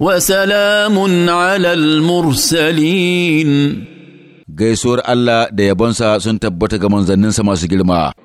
وسلام على mursalin. gaisuwar Allah da yabonsa sun tabbata ga manzanninsa masu girma